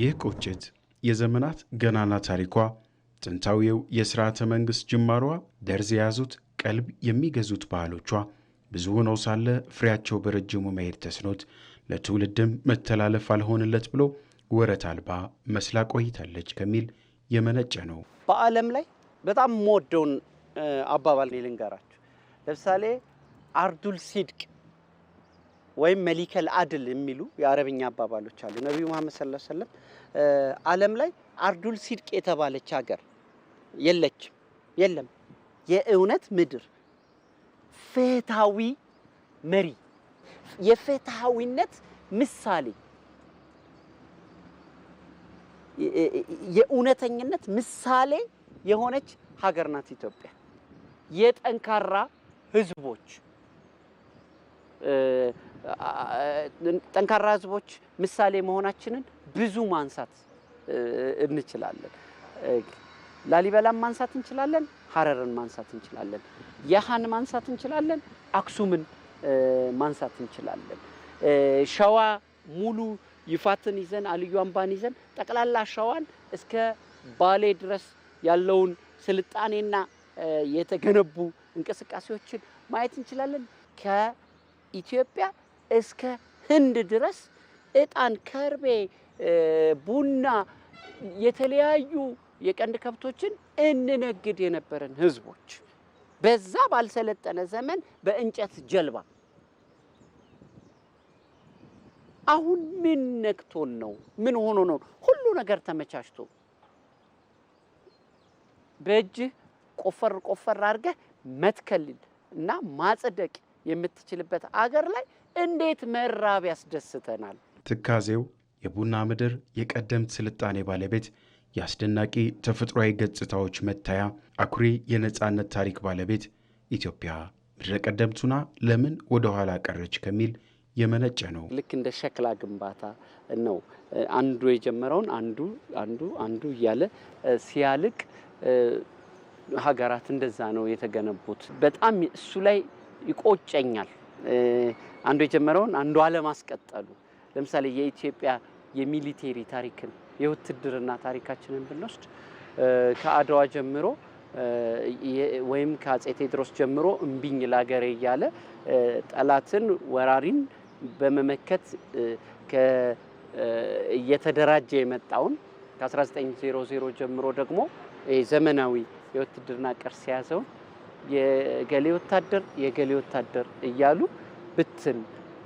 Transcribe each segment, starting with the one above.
ይህ ቁጭት የዘመናት ገናና ታሪኳ፣ ጥንታዊው የሥርዓተ መንግሥት ጅማሯ፣ ደርዝ የያዙት ቀልብ የሚገዙት ባህሎቿ ብዙ ሆነው ሳለ ፍሬያቸው በረጅሙ መሄድ ተስኖት ለትውልድም መተላለፍ አልሆንለት ብሎ ወረት አልባ መስላ ቆይታለች ከሚል የመነጨ ነው። በዓለም ላይ በጣም የምወደውን አባባል ልንገራችሁ። ለምሳሌ አርዱል ሲድቅ ወይም መሊከል አድል የሚሉ የአረብኛ አባባሎች አሉ። ነቢዩ መሐመድ ስለ ዐለይሂ ወሰለም ላይ አርዱል ሲድቅ የተባለች ሀገር የለችም የለም። የእውነት ምድር፣ ፍትሃዊ መሪ፣ የፍትሃዊነት ምሳሌ፣ የእውነተኝነት ምሳሌ የሆነች ሀገር ናት ኢትዮጵያ። የጠንካራ ህዝቦች ጠንካራ ህዝቦች ምሳሌ መሆናችንን ብዙ ማንሳት እንችላለን። ላሊበላን ማንሳት እንችላለን። ሀረርን ማንሳት እንችላለን። ያሃን ማንሳት እንችላለን። አክሱምን ማንሳት እንችላለን። ሸዋ ሙሉ ይፋትን ይዘን አልዩ አምባን ይዘን ጠቅላላ ሸዋን እስከ ባሌ ድረስ ያለውን ስልጣኔና የተገነቡ እንቅስቃሴዎችን ማየት እንችላለን። ከኢትዮጵያ እስከ ህንድ ድረስ እጣን፣ ከርቤ፣ ቡና የተለያዩ የቀንድ ከብቶችን እንነግድ የነበረን ህዝቦች በዛ ባልሰለጠነ ዘመን በእንጨት ጀልባ። አሁን ምን ነክቶን ነው? ምን ሆኖ ነው? ሁሉ ነገር ተመቻችቶ በእጅህ ቆፈር ቆፈር አድርገህ መትከል እና ማጽደቅ የምትችልበት አገር ላይ እንዴት መራብ ያስደስተናል! ትካዜው የቡና ምድር የቀደምት ስልጣኔ ባለቤት የአስደናቂ ተፈጥሯዊ ገጽታዎች መታያ አኩሪ የነፃነት ታሪክ ባለቤት ኢትዮጵያ ምድረ ቀደምቱና ለምን ወደ ኋላ ቀረች ከሚል የመነጨ ነው። ልክ እንደ ሸክላ ግንባታ ነው። አንዱ የጀመረውን አንዱ አንዱ አንዱ እያለ ሲያልቅ ሀገራት እንደዛ ነው የተገነቡት። በጣም እሱ ላይ ይቆጨኛል። አንዱ የጀመረውን አንዱ አለማስቀጠሉ። ለምሳሌ የኢትዮጵያ የሚሊቴሪ ታሪክን የውትድርና ታሪካችንን ብንወስድ ከአድዋ ጀምሮ ወይም ከአጼ ቴዎድሮስ ጀምሮ እምቢኝ ላገሬ እያለ ጠላትን ወራሪን በመመከት እየተደራጀ የመጣውን ከ1900 ጀምሮ ደግሞ ዘመናዊ የውትድርና ቅርስ የያዘውን የገሌ ወታደር የገሌ ወታደር እያሉ ብትን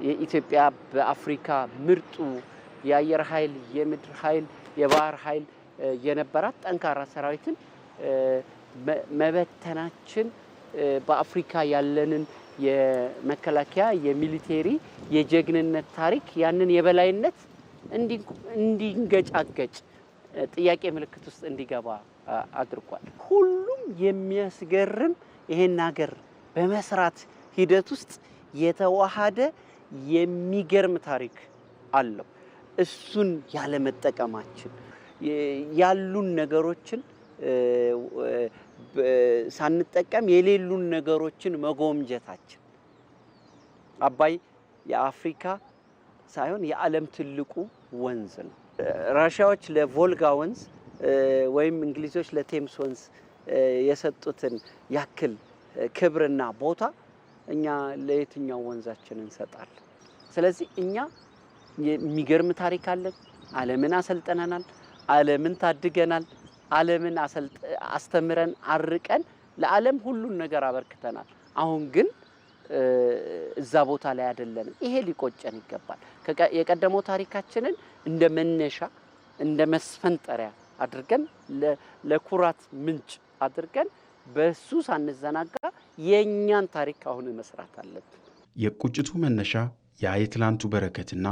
የኢትዮጵያ በአፍሪካ ምርጡ የአየር ኃይል፣ የምድር ኃይል፣ የባህር ኃይል የነበራት ጠንካራ ሰራዊትን መበተናችን በአፍሪካ ያለንን የመከላከያ የሚሊቴሪ የጀግንነት ታሪክ ያንን የበላይነት እንዲንገጫገጭ ጥያቄ ምልክት ውስጥ እንዲገባ አድርጓል። ሁሉም የሚያስገርም ይሄን ሀገር በመስራት ሂደት ውስጥ የተዋሃደ የሚገርም ታሪክ አለው። እሱን ያለመጠቀማችን ያሉን ነገሮችን ሳንጠቀም የሌሉን ነገሮችን መጎምጀታችን አባይ የአፍሪካ ሳይሆን የዓለም ትልቁ ወንዝ ነው። ራሽያዎች ለቮልጋ ወንዝ ወይም እንግሊዞች ለቴምስ ወንዝ የሰጡትን ያክል ክብርና ቦታ እኛ ለየትኛው ወንዛችን እንሰጣለን? ስለዚህ እኛ የሚገርም ታሪክ አለን። ዓለምን አሰልጥነናል፣ ዓለምን ታድገናል፣ ዓለምን አስተምረን አርቀን ለዓለም ሁሉን ነገር አበርክተናል። አሁን ግን እዛ ቦታ ላይ አይደለንም። ይሄ ሊቆጨን ይገባል። የቀደመው ታሪካችንን እንደ መነሻ እንደ መስፈንጠሪያ አድርገን ለኩራት ምንጭ አድርገን በሱ ሳንዘናጋ የእኛን ታሪክ አሁን መስራት አለብን። የቁጭቱ መነሻ ያ በረከትና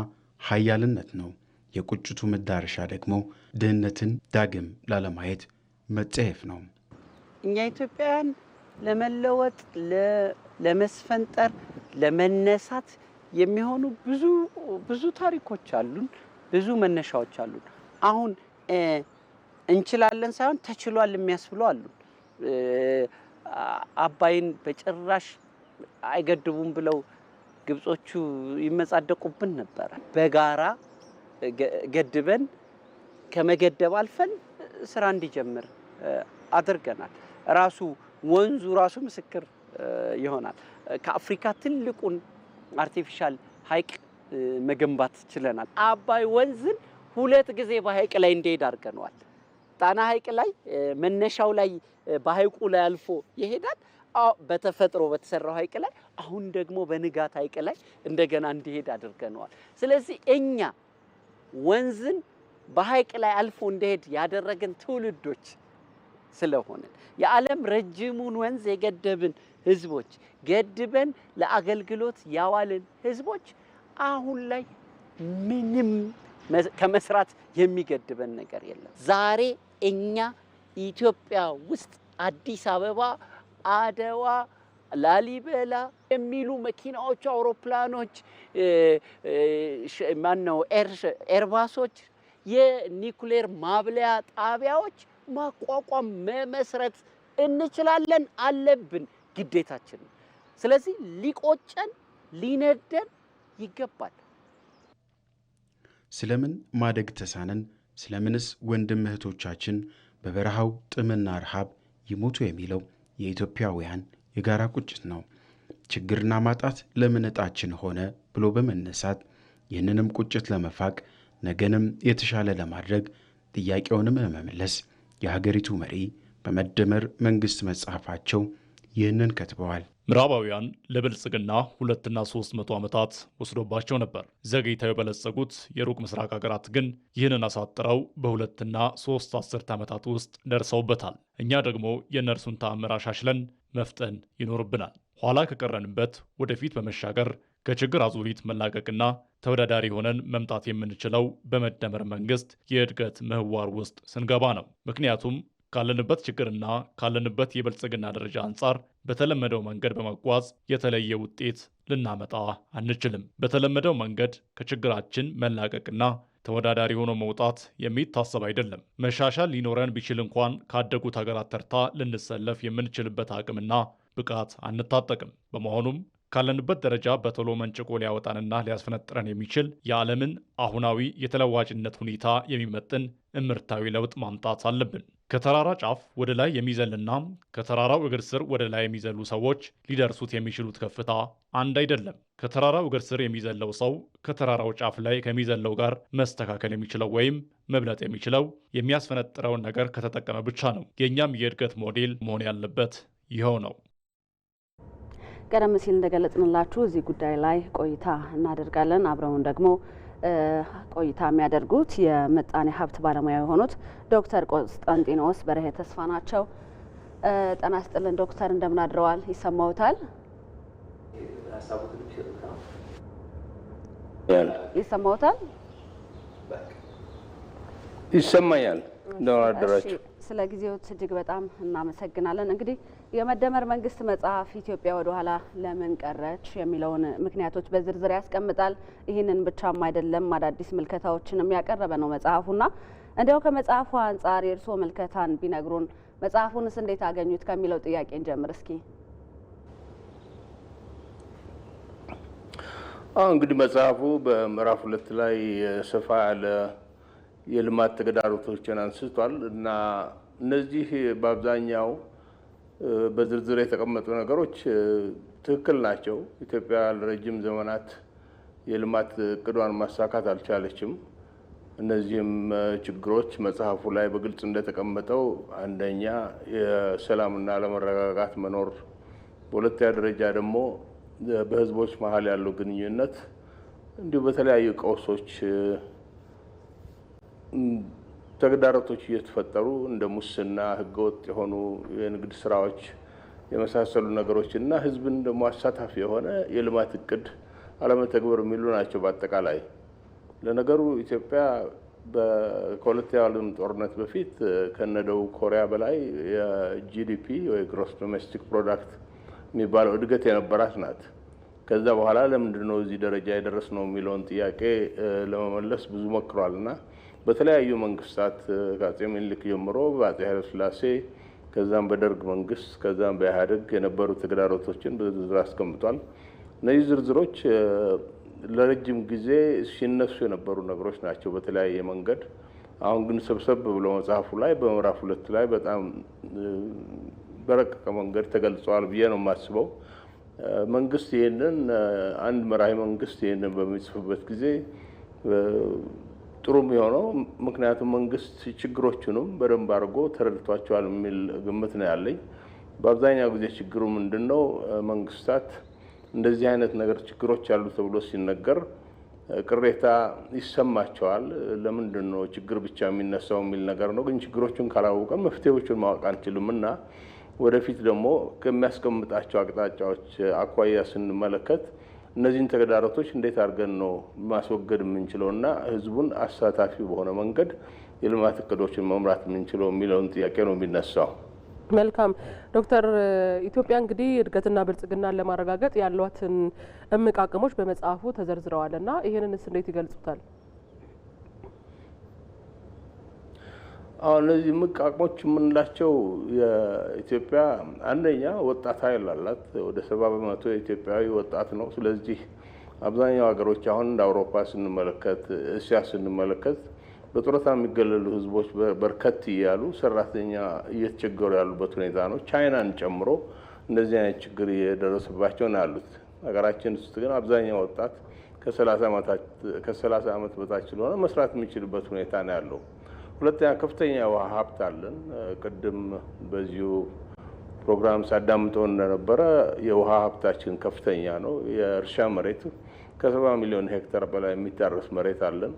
ሀያልነት ነው። የቁጭቱ መዳረሻ ደግሞ ድህነትን ዳግም ላለማየት መጸየፍ ነው። እኛ ኢትዮጵያውያን ለመለወጥ፣ ለመስፈንጠር፣ ለመነሳት የሚሆኑ ብዙ ብዙ ታሪኮች አሉን፣ ብዙ መነሻዎች አሉን። አሁን እንችላለን ሳይሆን ተችሏል የሚያስብሉ አሉን። አባይን በጭራሽ አይገድቡም ብለው ግብጾቹ ይመጻደቁብን ነበረ። በጋራ ገድበን ከመገደብ አልፈን ስራ እንዲጀምር አድርገናል። ራሱ ወንዙ ራሱ ምስክር ይሆናል። ከአፍሪካ ትልቁን አርቲፊሻል ሐይቅ መገንባት ችለናል። አባይ ወንዝን ሁለት ጊዜ በሐይቅ ላይ እንዲሄድ አድርገነዋል። ጣና ሐይቅ ላይ መነሻው ላይ በሐይቁ ላይ አልፎ ይሄዳል። በተፈጥሮ በተሰራው ሐይቅ ላይ አሁን ደግሞ በንጋት ሐይቅ ላይ እንደገና እንዲሄድ አድርገነዋል። ስለዚህ እኛ ወንዝን በሐይቅ ላይ አልፎ እንዲሄድ ያደረግን ትውልዶች ስለሆነ የዓለም ረጅሙን ወንዝ የገደብን ህዝቦች ገድበን ለአገልግሎት ያዋልን ህዝቦች አሁን ላይ ምንም ከመስራት የሚገድበን ነገር የለም። ዛሬ እኛ ኢትዮጵያ ውስጥ አዲስ አበባ፣ አደዋ ላሊበላ የሚሉ መኪናዎች፣ አውሮፕላኖች፣ ማነው ኤርባሶች፣ የኒኩሌር ማብለያ ጣቢያዎች ማቋቋም መመስረት እንችላለን፣ አለብን፣ ግዴታችን። ስለዚህ ሊቆጨን ሊነደን ይገባል። ስለምን ማደግ ተሳነን? ስለምንስ ወንድም እህቶቻችን በበረሃው ጥምና ረሃብ ይሞቱ የሚለው የኢትዮጵያውያን የጋራ ቁጭት ነው። ችግርና ማጣት ለምን ዕጣችን ሆነ ብሎ በመነሳት ይህንንም ቁጭት ለመፋቅ ነገንም የተሻለ ለማድረግ ጥያቄውንም ለመመለስ የሀገሪቱ መሪ በመደመር መንግሥት መጽሐፋቸው ይህንን ከትበዋል። ምዕራባውያን ለብልጽግና ሁለትና ሶስት መቶ ዓመታት ወስዶባቸው ነበር። ዘግይተው የበለጸጉት የሩቅ ምስራቅ ሀገራት ግን ይህንን አሳጥረው በሁለትና ሶስት አስርት ዓመታት ውስጥ ደርሰውበታል። እኛ ደግሞ የእነርሱን ተአምር አሻሽለን መፍጠን ይኖርብናል። ኋላ ከቀረንበት ወደፊት በመሻገር ከችግር አዙሪት መላቀቅና ተወዳዳሪ ሆነን መምጣት የምንችለው በመደመር መንግስት የእድገት ምህዋር ውስጥ ስንገባ ነው። ምክንያቱም ካለንበት ችግርና ካለንበት የብልጽግና ደረጃ አንጻር በተለመደው መንገድ በመጓዝ የተለየ ውጤት ልናመጣ አንችልም። በተለመደው መንገድ ከችግራችን መላቀቅና ተወዳዳሪ ሆኖ መውጣት የሚታሰብ አይደለም። መሻሻል ሊኖረን ቢችል እንኳን ካደጉት ሀገራት ተርታ ልንሰለፍ የምንችልበት አቅምና ብቃት አንታጠቅም። በመሆኑም ካለንበት ደረጃ በቶሎ መንጭቆ ሊያወጣንና ሊያስፈነጥረን የሚችል የዓለምን አሁናዊ የተለዋጭነት ሁኔታ የሚመጥን እምርታዊ ለውጥ ማምጣት አለብን። ከተራራ ጫፍ ወደ ላይ የሚዘልና ከተራራው እግር ስር ወደ ላይ የሚዘሉ ሰዎች ሊደርሱት የሚችሉት ከፍታ አንድ አይደለም። ከተራራው እግር ስር የሚዘለው ሰው ከተራራው ጫፍ ላይ ከሚዘለው ጋር መስተካከል የሚችለው ወይም መብለጥ የሚችለው የሚያስፈነጥረውን ነገር ከተጠቀመ ብቻ ነው። የእኛም የእድገት ሞዴል መሆን ያለበት ይኸው ነው። ቀደም ሲል እንደገለጽንላችሁ እዚህ ጉዳይ ላይ ቆይታ እናደርጋለን። አብረውን ደግሞ ቆይታ የሚያደርጉት የምጣኔ ሀብት ባለሙያ የሆኑት ዶክተር ቆስጠንጢኖስ በርሄ ተስፋ ናቸው። ጤና ይስጥልን ዶክተር፣ እንደምን አድረዋል? ይሰማውታል? ይሰማዎታል? ይሰማኛል። ስለ ጊዜዎት እጅግ በጣም እናመሰግናለን። እንግዲህ የመደመር መንግስት መጽሐፍ ኢትዮጵያ ወደ ኋላ ለምን ቀረች የሚለውን ምክንያቶች በዝርዝር ያስቀምጣል። ይህንን ብቻም አይደለም አዳዲስ ምልከታዎችንም ያቀረበ ነው መጽሐፉና እንዲያው ከመጽሐፉ አንጻር የእርስዎ ምልከታን ቢነግሩን። መጽሐፉንስ እንዴት አገኙት ከሚለው ጥያቄ እንጀምር እስኪ። እንግዲህ መጽሐፉ በምዕራፍ ሁለት ላይ ሰፋ ያለ የልማት ተግዳሮቶችን አንስቷል እና እነዚህ በአብዛኛው በዝርዝር የተቀመጡ ነገሮች ትክክል ናቸው። ኢትዮጵያ ለረጅም ዘመናት የልማት እቅዷን ማሳካት አልቻለችም። እነዚህም ችግሮች መጽሐፉ ላይ በግልጽ እንደተቀመጠው አንደኛ የሰላምና አለመረጋጋት መኖር፣ በሁለተኛ ደረጃ ደግሞ በህዝቦች መሀል ያለው ግንኙነት እንዲሁ በተለያዩ ቀውሶች ተግዳሮቶች እየተፈጠሩ እንደ ሙስና፣ ህገወጥ የሆኑ የንግድ ስራዎች የመሳሰሉ ነገሮች እና ህዝብን ደግሞ አሳታፊ የሆነ የልማት እቅድ አለመተግበር የሚሉ ናቸው። በአጠቃላይ ለነገሩ ኢትዮጵያ ከሁለተኛው ዓለም ጦርነት በፊት ከነ ደቡብ ኮሪያ በላይ የጂዲፒ ወይ ግሮስ ዶሜስቲክ ፕሮዳክት የሚባለው እድገት የነበራት ናት። ከዛ በኋላ ለምንድን ነው እዚህ ደረጃ የደረስ ነው የሚለውን ጥያቄ ለመመለስ ብዙ ሞክሯል እና በተለያዩ መንግስታት ከአጼ ምኒልክ ጀምሮ በአጼ ኃይለስላሴ ከዛም በደርግ መንግስት ከዛም በኢህአዴግ የነበሩ ተግዳሮቶችን በዝርዝር አስቀምጧል። እነዚህ ዝርዝሮች ለረጅም ጊዜ ሲነሱ የነበሩ ነገሮች ናቸው በተለያየ መንገድ። አሁን ግን ሰብሰብ ብሎ መጽሐፉ ላይ በምዕራፍ ሁለት ላይ በጣም በረቀቀ መንገድ ተገልጸዋል ብዬ ነው የማስበው። መንግስት ይህንን አንድ መራሄ መንግስት ይህንን በሚጽፍበት ጊዜ ጥሩ የሚሆነው ምክንያቱም መንግስት ችግሮቹንም በደንብ አድርጎ ተረድቷቸዋል የሚል ግምት ነው ያለኝ። በአብዛኛው ጊዜ ችግሩ ምንድን ነው? መንግስታት እንደዚህ አይነት ነገር ችግሮች አሉ ተብሎ ሲነገር ቅሬታ ይሰማቸዋል። ለምንድን ነው ችግር ብቻ የሚነሳው የሚል ነገር ነው። ግን ችግሮቹን ካላወቀ መፍትሄዎቹን ማወቅ አንችልም እና ወደፊት ደግሞ ከሚያስቀምጣቸው አቅጣጫዎች አኳያ ስንመለከት እነዚህን ተግዳሮቶች እንዴት አድርገን ነው ማስወገድ የምንችለው ና ህዝቡን አሳታፊ በሆነ መንገድ የልማት እቅዶችን መምራት የምንችለው የሚለውን ጥያቄ ነው የሚነሳው። መልካም ዶክተር፣ ኢትዮጵያ እንግዲህ እድገትና ብልጽግናን ለማረጋገጥ ያሏትን እምቅ አቅሞች በመጽሐፉ ተዘርዝረዋል እና ይህንንስ እንዴት ይገልጹታል? አሁን እነዚህ ምቅ አቅሞች የምንላቸው የኢትዮጵያ አንደኛ ወጣት ኃይል አላት። ወደ ሰባ በመቶ የኢትዮጵያዊ ወጣት ነው። ስለዚህ አብዛኛው ሀገሮች አሁን እንደ አውሮፓ ስንመለከት፣ እስያ ስንመለከት በጡረታ የሚገለሉ ህዝቦች በርከት እያሉ ሰራተኛ እየተቸገሩ ያሉበት ሁኔታ ነው። ቻይናን ጨምሮ እንደዚህ አይነት ችግር እየደረሰባቸው ነው ያሉት። ሀገራችን ውስጥ ግን አብዛኛው ወጣት ከሰላሳ ዓመት በታች ስለሆነ መስራት የሚችልበት ሁኔታ ነው ያለው። ሁለተኛ ከፍተኛ ውሃ ሀብት አለን። ቅድም በዚሁ ፕሮግራም ሳዳምጠው እንደነበረ የውሃ ሀብታችን ከፍተኛ ነው። የእርሻ መሬት ከሰባ ሚሊዮን ሄክታር በላይ የሚታረስ መሬት አለን።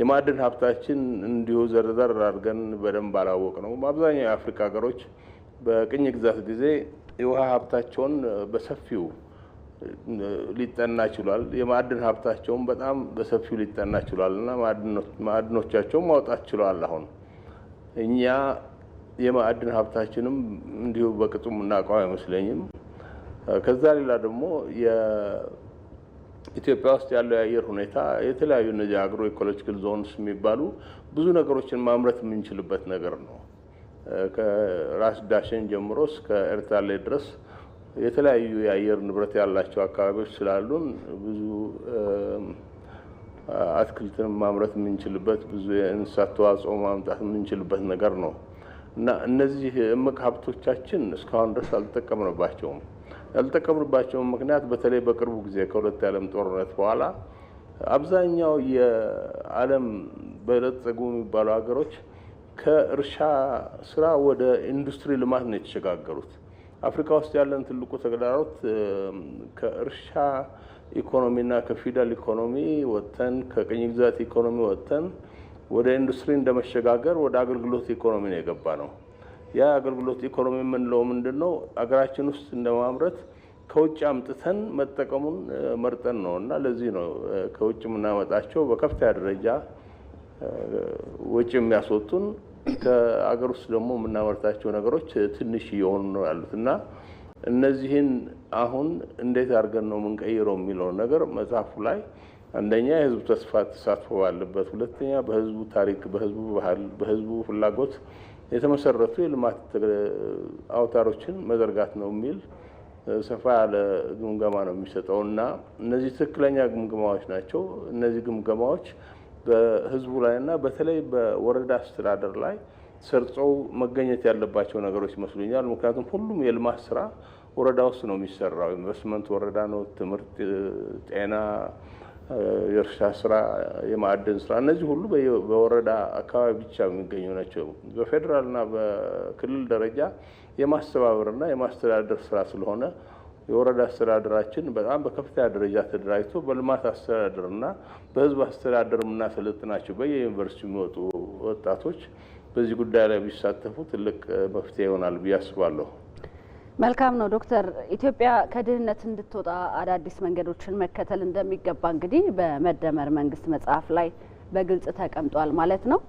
የማዕድን ሀብታችን እንዲሁ ዘርዘር አድርገን በደንብ አላወቅ ነው። በአብዛኛው የአፍሪካ ሀገሮች በቅኝ ግዛት ጊዜ የውሃ ሀብታቸውን በሰፊው ሊጠና ችሏል። የማዕድን ሀብታቸውም በጣም በሰፊው ሊጠና ችሏል እና ማዕድኖቻቸውም ማውጣት ችሏል። አሁን እኛ የማዕድን ሀብታችንም እንዲሁ በቅጡ እናውቀው አይመስለኝም። ከዛ ሌላ ደግሞ ኢትዮጵያ ውስጥ ያለው የአየር ሁኔታ የተለያዩ እነዚህ አግሮ ኢኮሎጂካል ዞንስ የሚባሉ ብዙ ነገሮችን ማምረት የምንችልበት ነገር ነው። ከራስ ዳሸን ጀምሮ እስከ ኤርታሌ ድረስ የተለያዩ የአየር ንብረት ያላቸው አካባቢዎች ስላሉን ብዙ አትክልትን ማምረት የምንችልበት ብዙ የእንስሳት ተዋጽኦ ማምጣት የምንችልበት ነገር ነው እና እነዚህ እምቅ ሀብቶቻችን እስካሁን ድረስ አልተጠቀምንባቸውም። ያልተጠቀምንባቸውም ምክንያት በተለይ በቅርቡ ጊዜ ከሁለት የዓለም ጦርነት በኋላ አብዛኛው የዓለም በለጸጉ የሚባሉ ሀገሮች ከእርሻ ስራ ወደ ኢንዱስትሪ ልማት ነው የተሸጋገሩት። አፍሪካ ውስጥ ያለን ትልቁ ተግዳሮት ከእርሻ ኢኮኖሚና ከፊውዳል ኢኮኖሚ ወጥተን ከቅኝ ግዛት ኢኮኖሚ ወጥተን ወደ ኢንዱስትሪ እንደመሸጋገር ወደ አገልግሎት ኢኮኖሚ ነው የገባ ነው። ያ አገልግሎት ኢኮኖሚ የምንለው ምንድን ነው? አገራችን ውስጥ እንደማምረት ከውጭ አምጥተን መጠቀሙን መርጠን ነው እና ለዚህ ነው ከውጭ የምናመጣቸው በከፍተኛ ደረጃ ወጪ የሚያስወጡን ከአገር ውስጥ ደግሞ የምናመርታቸው ነገሮች ትንሽ እየሆኑ ነው ያሉት እና እነዚህን አሁን እንዴት አድርገን ነው የምንቀይረው የሚለውን ነገር መጽሐፉ ላይ አንደኛ የህዝቡ ተስፋ ተሳትፎ ባለበት፣ ሁለተኛ በህዝቡ ታሪክ፣ በህዝቡ ባህል፣ በህዝቡ ፍላጎት የተመሰረቱ የልማት አውታሮችን መዘርጋት ነው የሚል ሰፋ ያለ ግምገማ ነው የሚሰጠው እና እነዚህ ትክክለኛ ግምገማዎች ናቸው። እነዚህ ግምገማዎች በህዝቡ ላይ እና በተለይ በወረዳ አስተዳደር ላይ ሰርጸው መገኘት ያለባቸው ነገሮች ይመስሉኛል። ምክንያቱም ሁሉም የልማት ስራ ወረዳ ውስጥ ነው የሚሰራው። ኢንቨስትመንት ወረዳ ነው፣ ትምህርት፣ ጤና፣ የእርሻ ስራ፣ የማዕድን ስራ፣ እነዚህ ሁሉ በወረዳ አካባቢ ብቻ የሚገኙ ናቸው። በፌዴራልና በክልል ደረጃ የማስተባበርና የማስተዳደር ስራ ስለሆነ የወረዳ አስተዳደራችን በጣም በከፍተኛ ደረጃ ተደራጅቶ በልማት አስተዳደርና በህዝብ አስተዳደር የምናሰለጥናቸው በየዩኒቨርሲቲ የሚወጡ ወጣቶች በዚህ ጉዳይ ላይ ቢሳተፉ ትልቅ መፍትሄ ይሆናል ብዬ አስባለሁ። መልካም ነው ዶክተር። ኢትዮጵያ ከድህነት እንድትወጣ አዳዲስ መንገዶችን መከተል እንደሚገባ እንግዲህ በመደመር መንግስት መጽሐፍ ላይ በግልጽ ተቀምጧል ማለት ነው።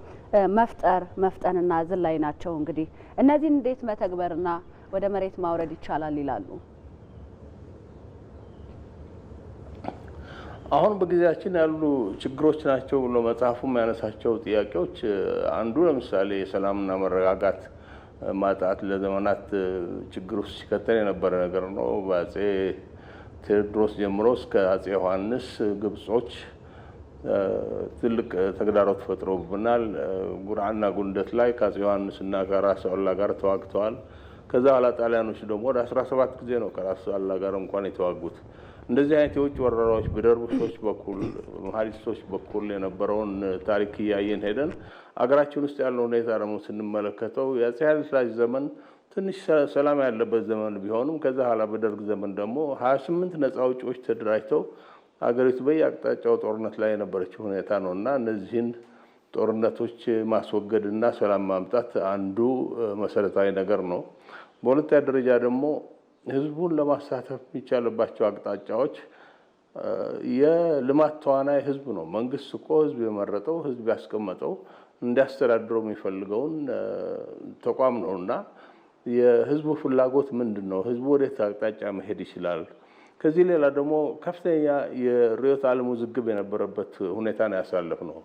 መፍጠር መፍጠንና ዝላይ ናቸው። እንግዲህ እነዚህን እንዴት መተግበርና ወደ መሬት ማውረድ ይቻላል ይላሉ? አሁን በጊዜያችን ያሉ ችግሮች ናቸው ብሎ መጽሐፉ የሚያነሳቸው ጥያቄዎች አንዱ ለምሳሌ የሰላምና መረጋጋት ማጣት ለዘመናት ችግር ውስጥ ሲከተል የነበረ ነገር ነው። በአፄ ቴዎድሮስ ጀምሮ እስከ አጼ ዮሐንስ ግብጾች ትልቅ ተግዳሮት ፈጥሮብናል። ጉርአና ጉንደት ላይ ከአፄ ዮሐንስ እና ከራስ አላ ጋር ተዋግተዋል። ከዛ ኋላ ጣሊያኖች ደግሞ ወደ 17 ጊዜ ነው ከራስ አላ ጋር እንኳን የተዋጉት። እንደዚህ አይነት የውጭ ወረራዎች በደርቡሾች በኩል መሀሊስቶች በኩል የነበረውን ታሪክ እያየን ሄደን አገራችን ውስጥ ያለው ሁኔታ ደግሞ ስንመለከተው የአፄ ኃይለ ዘመን ትንሽ ሰላም ያለበት ዘመን ቢሆንም ከዛ ኋላ በደርግ ዘመን ደግሞ ሀያ ስምንት ነጻ አውጪዎች ተደራጅተው አገሪቱ በየአቅጣጫው ጦርነት ላይ የነበረችው ሁኔታ ነው እና እነዚህን ጦርነቶች ማስወገድ እና ሰላም ማምጣት አንዱ መሰረታዊ ነገር ነው። በሁለተኛ ደረጃ ደግሞ ህዝቡን ለማሳተፍ የሚቻልባቸው አቅጣጫዎች የልማት ተዋናይ ህዝብ ነው። መንግስት እኮ ህዝብ የመረጠው ህዝብ ያስቀመጠው እንዲያስተዳድረው የሚፈልገውን ተቋም ነው እና የህዝቡ ፍላጎት ምንድን ነው? ህዝቡ ወዴት አቅጣጫ መሄድ ይችላል? ከዚህ ሌላ ደግሞ ከፍተኛ የርዕዮተ ዓለም ውዝግብ የነበረበት ሁኔታ ነው ያሳለፍ ነው።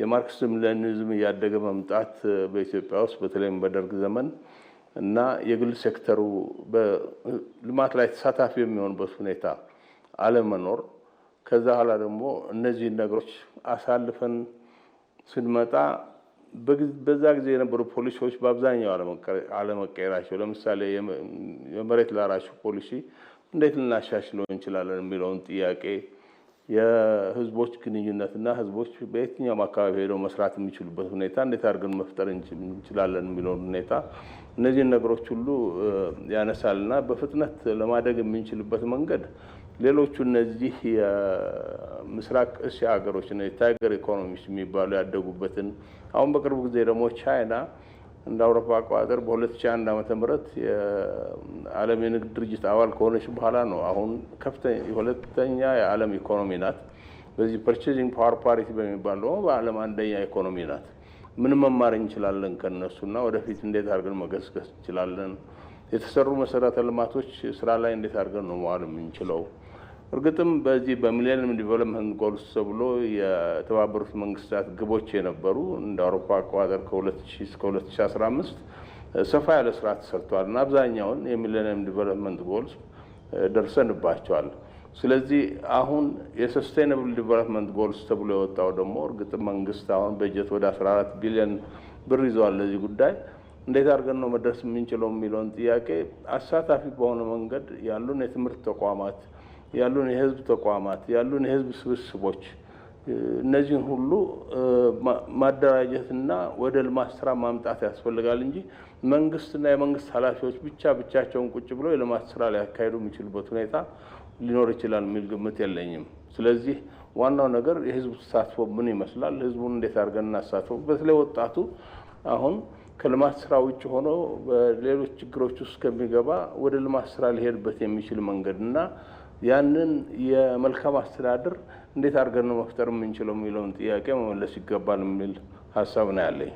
የማርክሲዝም ሌኒኒዝም እያደገ መምጣት በኢትዮጵያ ውስጥ በተለይም በደርግ ዘመን እና የግል ሴክተሩ በልማት ላይ ተሳታፊ የሚሆንበት ሁኔታ አለመኖር፣ ከዛ ኋላ ደግሞ እነዚህን ነገሮች አሳልፈን ስንመጣ በዛ ጊዜ የነበሩ ፖሊሲዎች በአብዛኛው አለመቀየራቸው፣ ለምሳሌ የመሬት ላራሹ ፖሊሲ እንዴት ልናሻሽለው እንችላለን የሚለውን ጥያቄ የህዝቦች ግንኙነትና ህዝቦች በየትኛውም አካባቢ ሄደው መስራት የሚችሉበት ሁኔታ እንዴት አድርገን መፍጠር እንችላለን የሚለውን ሁኔታ እነዚህን ነገሮች ሁሉ ያነሳልና በፍጥነት ለማደግ የምንችልበት መንገድ ሌሎቹ እነዚህ የምስራቅ እስያ ሀገሮች ታይገር ኢኮኖሚስ የሚባሉ ያደጉበትን አሁን በቅርቡ ጊዜ ደግሞ ቻይና እንደ አውሮፓ አቆጣጠር በ2001 ዓ ም የዓለም የንግድ ድርጅት አባል ከሆነች በኋላ ነው አሁን ከፍተኛ የሁለተኛ የዓለም ኢኮኖሚ ናት። በዚህ ፐርቼዚንግ ፓወር ፓሪቲ በሚባል ደግሞ በዓለም አንደኛ ኢኮኖሚ ናት። ምን መማር እንችላለን ከነሱና ወደፊት እንዴት አድርገን መገስገስ እንችላለን? የተሰሩ መሰረተ ልማቶች ስራ ላይ እንዴት አድርገን ነው መዋል የምንችለው? እርግጥም በዚህ በሚሌኒየም ዲቨሎፕመንት ጎልስ ተብሎ የተባበሩት መንግስታት ግቦች የነበሩ እንደ አውሮፓ አቆጣጠር ከ2000 እስከ 2015 ሰፋ ያለ ስራ ተሰርቷል እና አብዛኛውን የሚሌኒየም ዲቨሎፕመንት ጎልስ ደርሰንባቸዋል። ስለዚህ አሁን የሰስቴናብል ዲቨሎፕመንት ጎልስ ተብሎ የወጣው ደግሞ እርግጥም መንግስት አሁን በጀት ወደ 14 ቢሊዮን ብር ይዘዋል ለዚህ ጉዳይ እንዴት አድርገን ነው መድረስ የምንችለው የሚለውን ጥያቄ አሳታፊ በሆነ መንገድ ያሉን የትምህርት ተቋማት ያሉን የህዝብ ተቋማት ያሉን የህዝብ ስብስቦች እነዚህን ሁሉ ማደራጀትና ወደ ልማት ስራ ማምጣት ያስፈልጋል እንጂ መንግስትና የመንግስት ኃላፊዎች ብቻ ብቻቸውን ቁጭ ብሎ የልማት ስራ ሊያካሄዱ የሚችሉበት ሁኔታ ሊኖር ይችላል የሚል ግምት የለኝም። ስለዚህ ዋናው ነገር የህዝቡ ተሳትፎ ምን ይመስላል፣ ህዝቡን እንዴት አድርገን እናሳትፎ። በተለይ ወጣቱ አሁን ከልማት ስራ ውጭ ሆኖ በሌሎች ችግሮች ውስጥ ከሚገባ ወደ ልማት ስራ ሊሄድበት የሚችል መንገድ እና ያንን የመልካም አስተዳደር እንዴት አድርገን ነው መፍጠር የምንችለው የሚለውን ጥያቄ መመለስ ይገባል የሚል ሀሳብ ነው ያለኝ።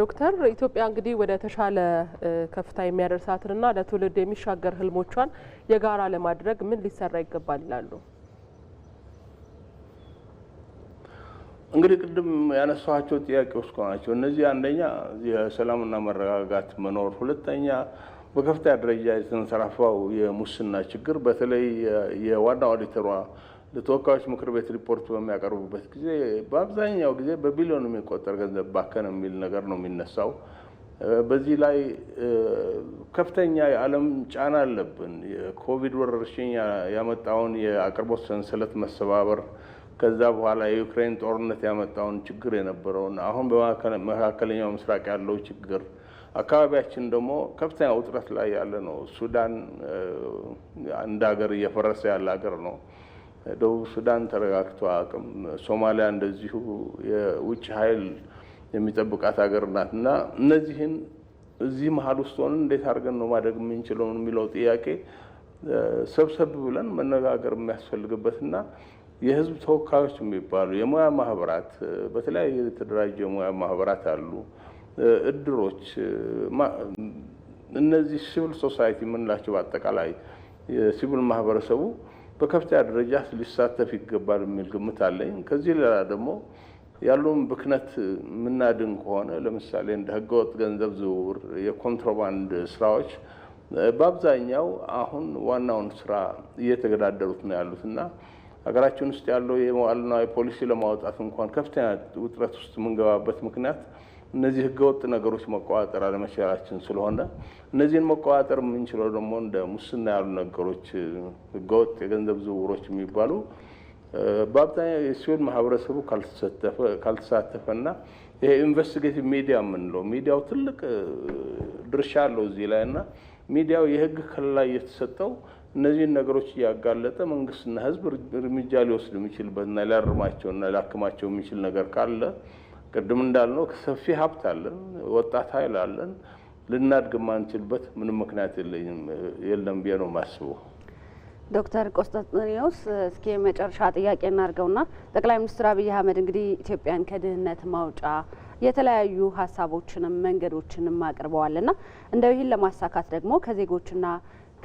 ዶክተር ኢትዮጵያ እንግዲህ ወደ ተሻለ ከፍታ የሚያደርሳትንና ለትውልድ የሚሻገር ህልሞቿን የጋራ ለማድረግ ምን ሊሰራ ይገባል ይላሉ? እንግዲህ ቅድም ያነሳኋቸው ጥያቄዎች ናቸው እነዚህ። አንደኛ የሰላምና መረጋጋት መኖር፣ ሁለተኛ በከፍተኛ ደረጃ የተንሰራፋው የሙስና ችግር በተለይ የዋና ኦዲተሯ ለተወካዮች ምክር ቤት ሪፖርት በሚያቀርቡበት ጊዜ በአብዛኛው ጊዜ በቢሊዮን የሚቆጠር ገንዘብ ባከን የሚል ነገር ነው የሚነሳው። በዚህ ላይ ከፍተኛ የዓለም ጫና አለብን። የኮቪድ ወረርሽኝ ያመጣውን የአቅርቦት ሰንሰለት መሰባበር፣ ከዛ በኋላ የዩክሬን ጦርነት ያመጣውን ችግር የነበረውን፣ አሁን በመካከለኛው ምስራቅ ያለው ችግር አካባቢያችን ደግሞ ከፍተኛ ውጥረት ላይ ያለ ነው። ሱዳን እንደ ሀገር እየፈረሰ ያለ ሀገር ነው። ደቡብ ሱዳን ተረጋግቶ አቅም፣ ሶማሊያ እንደዚሁ የውጭ ኃይል የሚጠብቃት ሀገር ናት እና እነዚህን እዚህ መሀል ውስጥ ሆነን እንዴት አድርገን ነው ማደግ የምንችለው የሚለው ጥያቄ ሰብሰብ ብለን መነጋገር የሚያስፈልግበትና የህዝብ ተወካዮች የሚባሉ የሙያ ማህበራት በተለያየ የተደራጀ የሙያ ማህበራት አሉ። እድሮች፣ እነዚህ ሲቪል ሶሳይቲ የምንላቸው በአጠቃላይ ሲቪል ማህበረሰቡ በከፍተኛ ደረጃ ሊሳተፍ ይገባል የሚል ግምት አለኝ። ከዚህ ሌላ ደግሞ ያለውን ብክነት የምናድን ከሆነ ለምሳሌ እንደ ህገወጥ ገንዘብ ዝውውር፣ የኮንትሮባንድ ስራዎች በአብዛኛው አሁን ዋናውን ስራ እየተገዳደሩት ነው ያሉት እና ሀገራችን ውስጥ ያለው የመዋዕለ ንዋይ ፖሊሲ ለማውጣት እንኳን ከፍተኛ ውጥረት ውስጥ የምንገባበት ምክንያት እነዚህ ህገወጥ ነገሮች መቆጣጠር አለመቻላችን ስለሆነ እነዚህን መቆጣጠር የምንችለው ደግሞ እንደ ሙስና ያሉ ነገሮች፣ ህገወጥ የገንዘብ ዝውውሮች የሚባሉ በአብዛኛው የሲሆን ማህበረሰቡ ካልተሳተፈና ይሄ ኢንቨስቲጌቲቭ ሚዲያ የምንለው ሚዲያው ትልቅ ድርሻ አለው እዚህ ላይ እና ሚዲያው የህግ ከለላ እየተሰጠው እነዚህን ነገሮች እያጋለጠ መንግስትና ህዝብ እርምጃ ሊወስድ የሚችልበትና ሊያርማቸውና ሊያክማቸው የሚችል ነገር ካለ ቅድም እንዳልነው ሰፊ ሀብት አለን፣ ወጣት ኃይል አለን። ልናድግ ማንችልበት ምንም ምክንያት የለም ብዬ ነው ማስቡ። ዶክተር ቆስጠንጢኖስ እስኪ መጨረሻ ጥያቄ እናድርገውና ጠቅላይ ሚኒስትር አብይ አህመድ እንግዲህ ኢትዮጵያን ከድህነት ማውጫ የተለያዩ ሀሳቦችንም መንገዶችንም ና እንደው ይህን ለማሳካት ደግሞ ከዜጎችና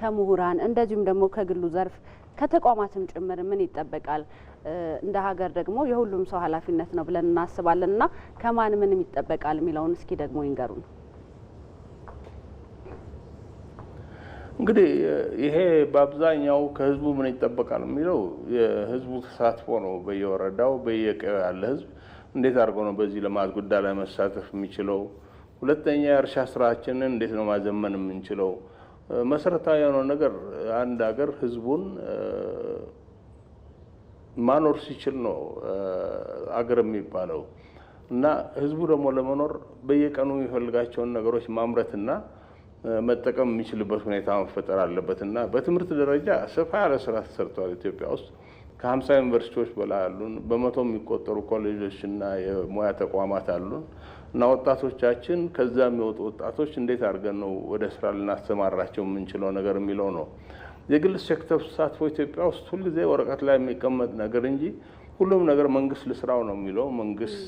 ከምሁራን እንደዚሁም ደግሞ ከግሉ ዘርፍ ከተቋማትም ጭምር ምን ይጠበቃል? እንደ ሀገር ደግሞ የሁሉም ሰው ኃላፊነት ነው ብለን እናስባለን እና ከማን ምንም ይጠበቃል የሚለውን እስኪ ደግሞ ይንገሩን። እንግዲህ ይሄ በአብዛኛው ከህዝቡ ምን ይጠበቃል የሚለው የህዝቡ ተሳትፎ ነው። በየወረዳው በየቀዩ ያለ ህዝብ እንዴት አድርጎ ነው በዚህ ልማት ጉዳይ ላይ መሳተፍ የሚችለው? ሁለተኛ የእርሻ ስራችንን እንዴት ነው ማዘመን የምንችለው? መሰረታዊ የሆነው ነገር አንድ ሀገር ህዝቡን ማኖር ሲችል ነው አገር የሚባለው እና ህዝቡ ደግሞ ለመኖር በየቀኑ የሚፈልጋቸውን ነገሮች ማምረትና መጠቀም የሚችልበት ሁኔታ መፈጠር አለበት እና በትምህርት ደረጃ ሰፋ ያለ ስራ ተሰርተዋል። ኢትዮጵያ ውስጥ ከሀምሳ ዩኒቨርሲቲዎች በላይ አሉን። በመቶ የሚቆጠሩ ኮሌጆች እና የሙያ ተቋማት አሉን እና ወጣቶቻችን ከዛ የሚወጡ ወጣቶች እንዴት አድርገን ነው ወደ ስራ ልናሰማራቸው የምንችለው ነገር የሚለው ነው የግል ሴክተር ተሳትፎ ኢትዮጵያ ውስጥ ሁልጊዜ ወረቀት ላይ የሚቀመጥ ነገር እንጂ ሁሉም ነገር መንግስት ልስራው ነው የሚለው መንግስት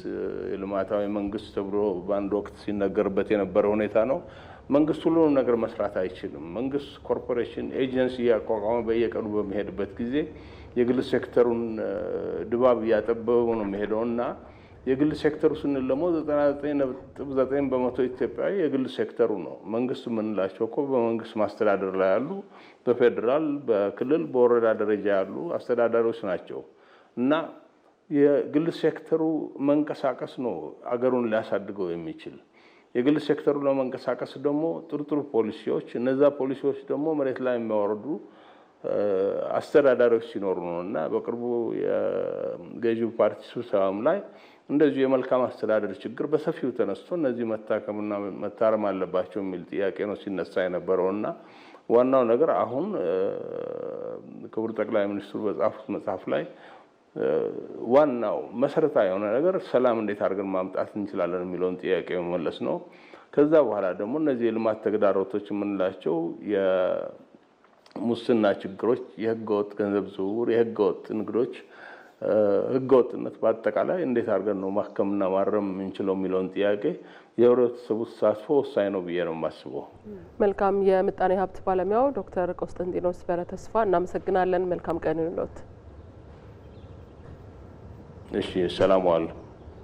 ልማታዊ መንግስት ተብሎ በአንድ ወቅት ሲነገርበት የነበረ ሁኔታ ነው። መንግስት ሁሉንም ነገር መስራት አይችልም። መንግስት ኮርፖሬሽን፣ ኤጀንሲ እያቋቋመ በየቀኑ በሚሄድበት ጊዜ የግል ሴክተሩን ድባብ እያጠበበው ነው የሚሄደው እና የግል ሴክተሩ ስንል ደግሞ ዘጠና ዘጠኝ ነጥብ ዘጠኝ በመቶ ኢትዮጵያዊ የግል ሴክተሩ ነው። መንግስት የምንላቸው እኮ በመንግስት ማስተዳደር ላይ ያሉ በፌዴራል በክልል በወረዳ ደረጃ ያሉ አስተዳዳሪዎች ናቸው እና የግል ሴክተሩ መንቀሳቀስ ነው አገሩን ሊያሳድገው የሚችል። የግል ሴክተሩ ለመንቀሳቀስ ደግሞ ጥርጥሩ ፖሊሲዎች፣ እነዛ ፖሊሲዎች ደግሞ መሬት ላይ የሚያወርዱ አስተዳዳሪዎች ሲኖሩ ነው እና በቅርቡ የገዢው ፓርቲ ስብሰባም ላይ እንደዚሁ የመልካም አስተዳደር ችግር በሰፊው ተነስቶ እነዚህ መታከምና መታረም አለባቸው የሚል ጥያቄ ነው ሲነሳ የነበረው እና ዋናው ነገር አሁን ክቡር ጠቅላይ ሚኒስትሩ በጻፉት መጽሐፍ ላይ ዋናው መሰረታዊ የሆነ ነገር ሰላም እንዴት አድርገን ማምጣት እንችላለን የሚለውን ጥያቄ መመለስ ነው። ከዛ በኋላ ደግሞ እነዚህ የልማት ተግዳሮቶች የምንላቸው የሙስና ችግሮች፣ የህገወጥ ገንዘብ ዝውውር፣ የህገወጥ ንግዶች ህገወጥነት በአጠቃላይ እንዴት አድርገን ነው ማከምና ማረም የምንችለው የሚለውን ጥያቄ የህብረተሰቡ ተሳትፎ ወሳኝ ነው ብዬ ነው የማስበው። መልካም። የምጣኔ ሀብት ባለሙያው ዶክተር ቆስጠንጢኖስ ተስፋ እናመሰግናለን። መልካም ቀን ይሁንልዎት። እሺ፣ ሰላም ዋሉ።